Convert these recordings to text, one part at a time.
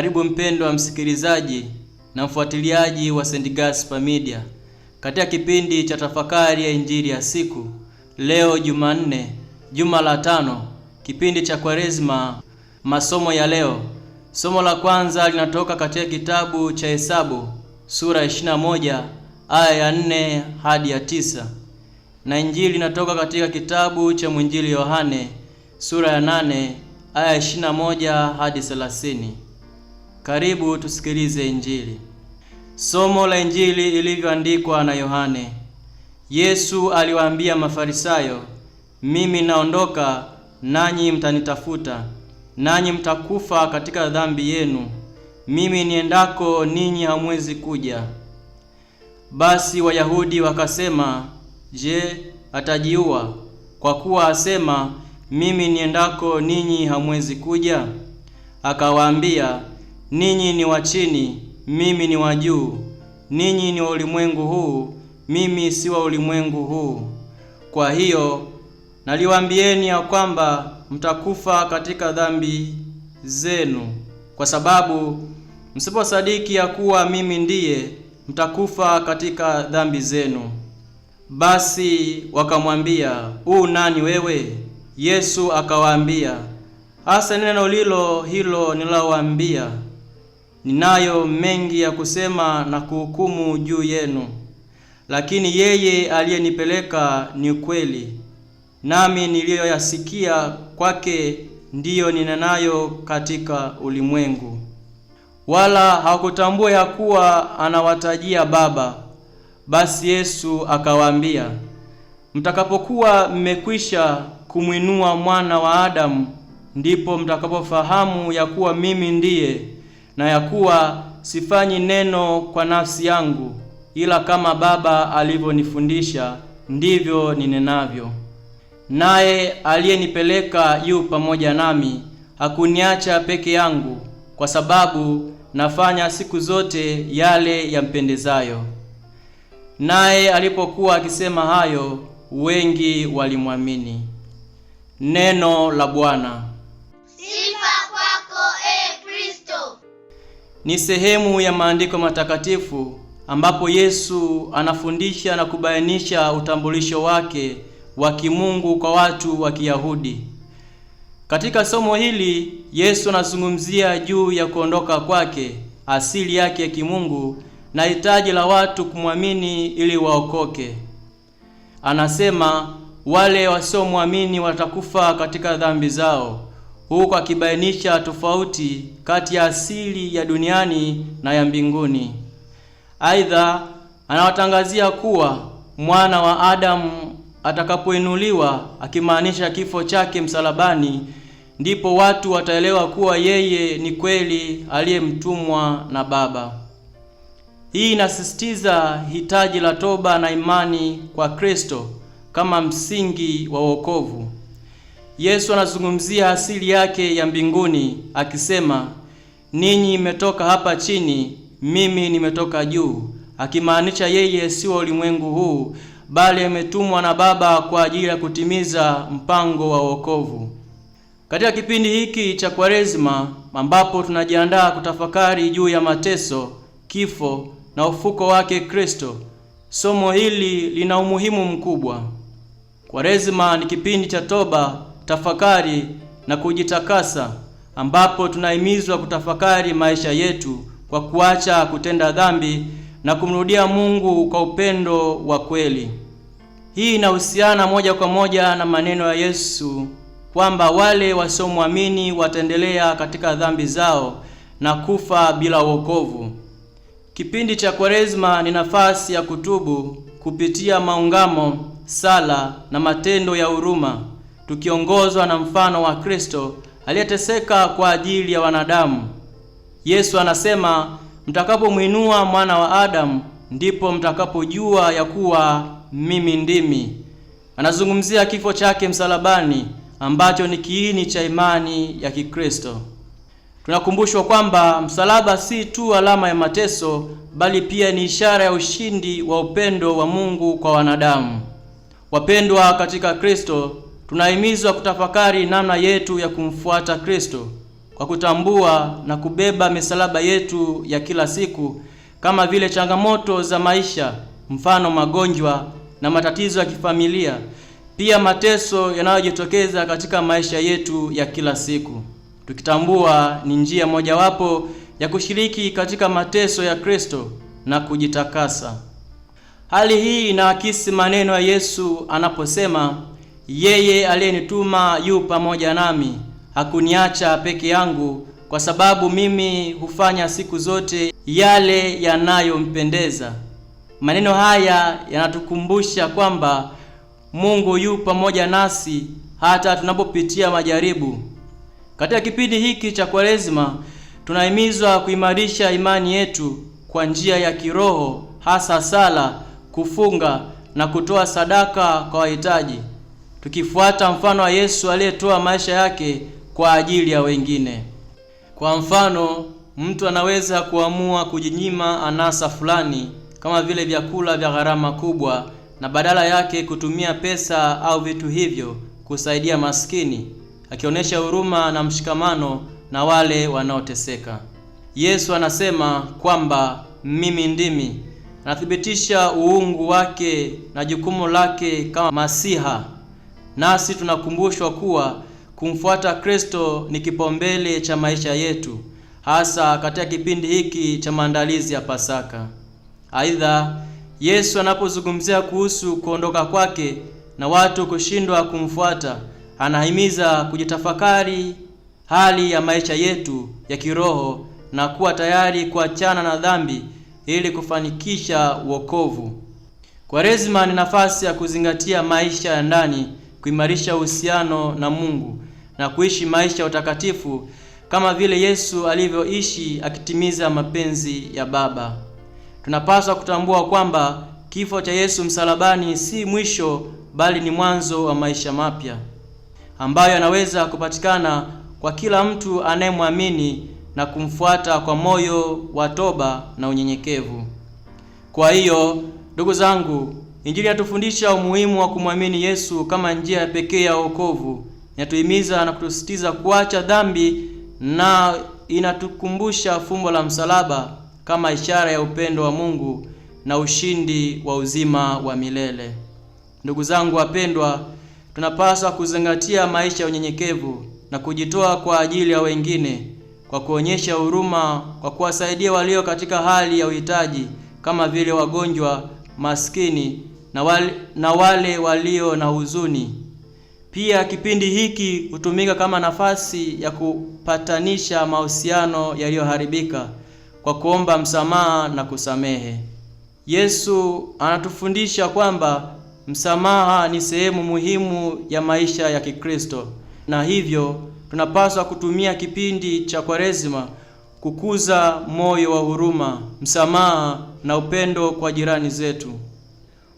Karibu mpendwa msikilizaji na mfuatiliaji wa St. Gaspar Media katika kipindi cha tafakari ya injili ya siku leo, Jumanne, juma la tano, kipindi cha Kwaresma. Masomo ya leo, somo la kwanza linatoka katika kitabu cha Hesabu sura 21 aya ya 4 hadi ya tisa na injili inatoka katika kitabu cha mwinjili Yohane sura ya 8 aya 21 hadi 30. Karibu tusikilize Injili. Somo la Injili ilivyoandikwa na Yohane. Yesu aliwaambia Mafarisayo, mimi naondoka, nanyi mtanitafuta, nanyi mtakufa katika dhambi yenu. Mimi niendako, ninyi hamwezi kuja. Basi Wayahudi wakasema, je, atajiua kwa kuwa asema, mimi niendako, ninyi hamwezi kuja? Akawaambia, ninyi ni wa chini, mimi ni wa juu. Ninyi ni wa ulimwengu huu, mimi si wa ulimwengu huu. Kwa hiyo naliwaambieni ya kwamba mtakufa katika dhambi zenu, kwa sababu msiposadiki ya kuwa mimi ndiye, mtakufa katika dhambi zenu. Basi wakamwambia, u nani wewe? Yesu akawaambia, hasa neno lilo hilo nilowaambia, Ninayo mengi ya kusema na kuhukumu juu yenu, lakini yeye aliyenipeleka ni kweli, nami niliyoyasikia kwake ndiyo ninenayo katika ulimwengu. Wala hakutambua ya kuwa anawatajia Baba. Basi Yesu akawaambia, mtakapokuwa mmekwisha kumwinua mwana wa Adamu, ndipo mtakapofahamu ya kuwa mimi ndiye na ya kuwa sifanyi neno kwa nafsi yangu, ila kama Baba alivyonifundisha ndivyo ninenavyo. Naye aliyenipeleka yu pamoja nami, hakuniacha peke yangu, kwa sababu nafanya siku zote yale yampendezayo. Naye alipokuwa akisema hayo, wengi walimwamini. Neno la Bwana. ni sehemu ya maandiko matakatifu ambapo Yesu anafundisha na kubainisha utambulisho wake wa kimungu kwa watu wa Kiyahudi. Katika somo hili Yesu anazungumzia juu ya kuondoka kwake, asili yake ya kimungu na hitaji la watu kumwamini ili waokoke. Anasema wale wasiomwamini watakufa katika dhambi zao huku akibainisha tofauti kati ya asili ya duniani na ya mbinguni. Aidha, anawatangazia kuwa mwana wa Adamu atakapoinuliwa, akimaanisha kifo chake msalabani, ndipo watu wataelewa kuwa yeye ni kweli aliyemtumwa na Baba. Hii inasisitiza hitaji la toba na imani kwa Kristo kama msingi wa wokovu. Yesu anazungumzia asili yake ya mbinguni akisema, ninyi mmetoka hapa chini, mimi nimetoka juu, akimaanisha yeye si wa ulimwengu huu, bali ametumwa na Baba kwa ajili ya kutimiza mpango wa wokovu. Katika kipindi hiki cha Kwaresima ambapo tunajiandaa kutafakari juu ya mateso, kifo na ufuko wake Kristo, somo hili lina umuhimu mkubwa. Kwaresima ni kipindi cha toba tafakari na kujitakasa, ambapo tunahimizwa kutafakari maisha yetu kwa kuacha kutenda dhambi na kumrudia Mungu kwa upendo wa kweli. Hii inahusiana moja kwa moja na maneno ya Yesu kwamba wale wasiomwamini wataendelea katika dhambi zao na kufa bila wokovu. Kipindi cha Kwaresma ni nafasi ya kutubu kupitia maungamo, sala na matendo ya huruma tukiongozwa na mfano wa Kristo aliyeteseka kwa ajili ya wanadamu. Yesu anasema, mtakapomwinua mwana wa Adamu ndipo mtakapojua ya kuwa mimi ndimi. Anazungumzia kifo chake msalabani ambacho ni kiini cha imani ya Kikristo. Tunakumbushwa kwamba msalaba si tu alama ya mateso, bali pia ni ishara ya ushindi wa upendo wa Mungu kwa wanadamu. Wapendwa katika Kristo, tunahimizwa kutafakari namna yetu ya kumfuata Kristo kwa kutambua na kubeba misalaba yetu ya kila siku kama vile changamoto za maisha, mfano magonjwa na matatizo ya kifamilia, pia mateso yanayojitokeza katika maisha yetu ya kila siku, tukitambua ni njia mojawapo ya kushiriki katika mateso ya Kristo na kujitakasa. Hali hii inaakisi maneno ya Yesu anaposema yeye aliyenituma yu pamoja nami, hakuniacha peke yangu, kwa sababu mimi hufanya siku zote yale yanayompendeza. Maneno haya yanatukumbusha kwamba Mungu yu pamoja nasi hata tunapopitia majaribu. Katika kipindi hiki cha Kwaresma tunahimizwa kuimarisha imani yetu kwa njia ya kiroho, hasa sala, kufunga na kutoa sadaka kwa wahitaji tukifuata mfano wa Yesu aliyetoa maisha yake kwa ajili ya wengine. Kwa mfano, mtu anaweza kuamua kujinyima anasa fulani kama vile vyakula vya gharama kubwa na badala yake kutumia pesa au vitu hivyo kusaidia maskini, akionyesha huruma na mshikamano na wale wanaoteseka. Yesu anasema kwamba mimi ndimi, anathibitisha uungu wake na jukumu lake kama Masiha nasi tunakumbushwa kuwa kumfuata Kristo ni kipaumbele cha maisha yetu, hasa katika kipindi hiki cha maandalizi ya Pasaka. Aidha, Yesu anapozungumzia kuhusu kuondoka kwake na watu kushindwa kumfuata, anahimiza kujitafakari hali ya maisha yetu ya kiroho na kuwa tayari kuachana na dhambi ili kufanikisha wokovu. Kwaresima ni nafasi ya kuzingatia maisha ya ndani kuimarisha uhusiano na Mungu na kuishi maisha ya utakatifu kama vile Yesu alivyoishi akitimiza mapenzi ya Baba. Tunapaswa kutambua kwamba kifo cha Yesu msalabani si mwisho bali ni mwanzo wa maisha mapya ambayo yanaweza kupatikana kwa kila mtu anayemwamini na kumfuata kwa moyo wa toba na unyenyekevu. Kwa hiyo ndugu zangu, Injili inatufundisha umuhimu wa kumwamini Yesu kama njia pekee ya wokovu. Inatuhimiza na kutusitiza kuacha dhambi na inatukumbusha fumbo la msalaba kama ishara ya upendo wa Mungu na ushindi wa uzima wa milele. Ndugu zangu wapendwa, tunapaswa kuzingatia maisha ya unyenyekevu na kujitoa kwa ajili ya wengine kwa kuonyesha huruma, kwa kuwasaidia walio katika hali ya uhitaji kama vile wagonjwa, maskini na wale, na wale walio na huzuni. Pia kipindi hiki hutumika kama nafasi ya kupatanisha mahusiano yaliyoharibika kwa kuomba msamaha na kusamehe. Yesu anatufundisha kwamba msamaha ni sehemu muhimu ya maisha ya Kikristo, na hivyo tunapaswa kutumia kipindi cha Kwaresima kukuza moyo wa huruma, msamaha na upendo kwa jirani zetu.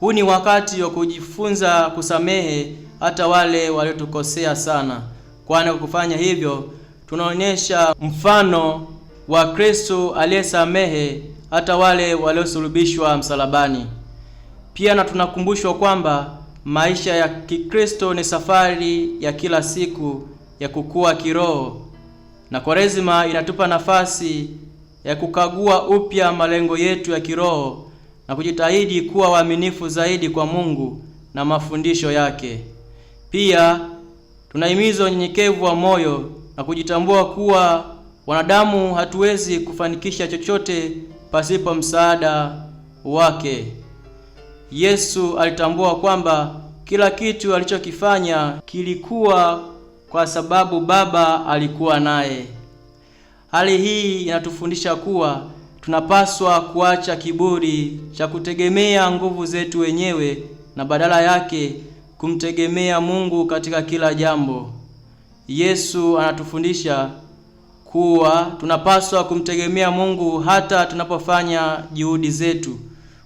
Huu ni wakati wa kujifunza kusamehe hata wale waliotukosea sana, kwani kwa kufanya hivyo tunaonyesha mfano wa Kristo aliyesamehe hata wale waliosulubishwa msalabani. Pia na tunakumbushwa kwamba maisha ya Kikristo ni safari ya kila siku ya kukua kiroho, na Kwaresima inatupa nafasi ya kukagua upya malengo yetu ya kiroho na kujitahidi kuwa waaminifu zaidi kwa Mungu na mafundisho yake. Pia tunahimiza unyenyekevu wa moyo na kujitambua kuwa wanadamu hatuwezi kufanikisha chochote pasipo msaada wake. Yesu alitambua kwamba kila kitu alichokifanya kilikuwa kwa sababu Baba alikuwa naye. Hali hii inatufundisha kuwa tunapaswa kuacha kiburi cha kutegemea nguvu zetu wenyewe na badala yake kumtegemea Mungu katika kila jambo. Yesu anatufundisha kuwa tunapaswa kumtegemea Mungu hata tunapofanya juhudi zetu,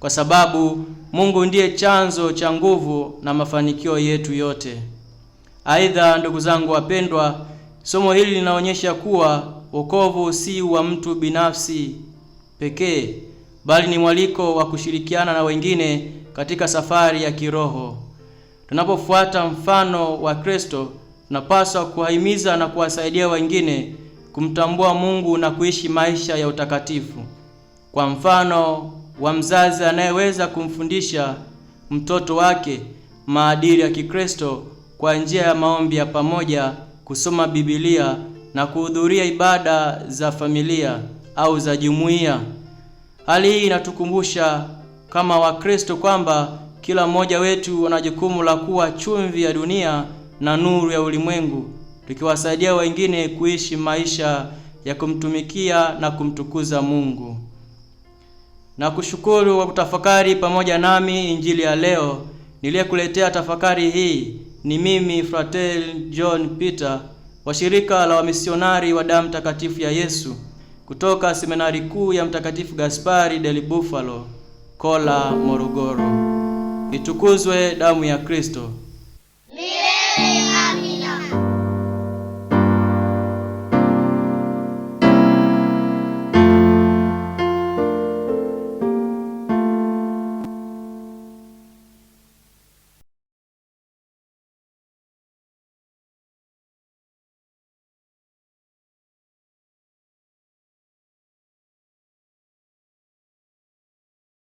kwa sababu Mungu ndiye chanzo cha nguvu na mafanikio yetu yote. Aidha, ndugu zangu wapendwa, somo hili linaonyesha kuwa wokovu si wa mtu binafsi pekee, bali ni mwaliko wa kushirikiana na wengine katika safari ya kiroho. Tunapofuata mfano wa Kristo, tunapaswa kuwahimiza na kuwasaidia wengine kumtambua Mungu na kuishi maisha ya utakatifu, kwa mfano wa mzazi anayeweza kumfundisha mtoto wake maadili ya Kikristo kwa njia ya maombi ya pamoja, kusoma Biblia na kuhudhuria ibada za familia au za jumuiya. Hali hii inatukumbusha kama Wakristo kwamba kila mmoja wetu ana jukumu la kuwa chumvi ya dunia na nuru ya ulimwengu, tukiwasaidia wengine kuishi maisha ya kumtumikia na kumtukuza Mungu. Na kushukuru kwa kutafakari pamoja nami injili ya leo. Niliyekuletea tafakari hii ni mimi Fratel John Peter wa shirika la wamisionari wa damu takatifu ya Yesu kutoka Seminari Kuu ya Mtakatifu Gaspari del Bufalo, Kola, Morogoro. Itukuzwe Damu ya Kristo! Milele!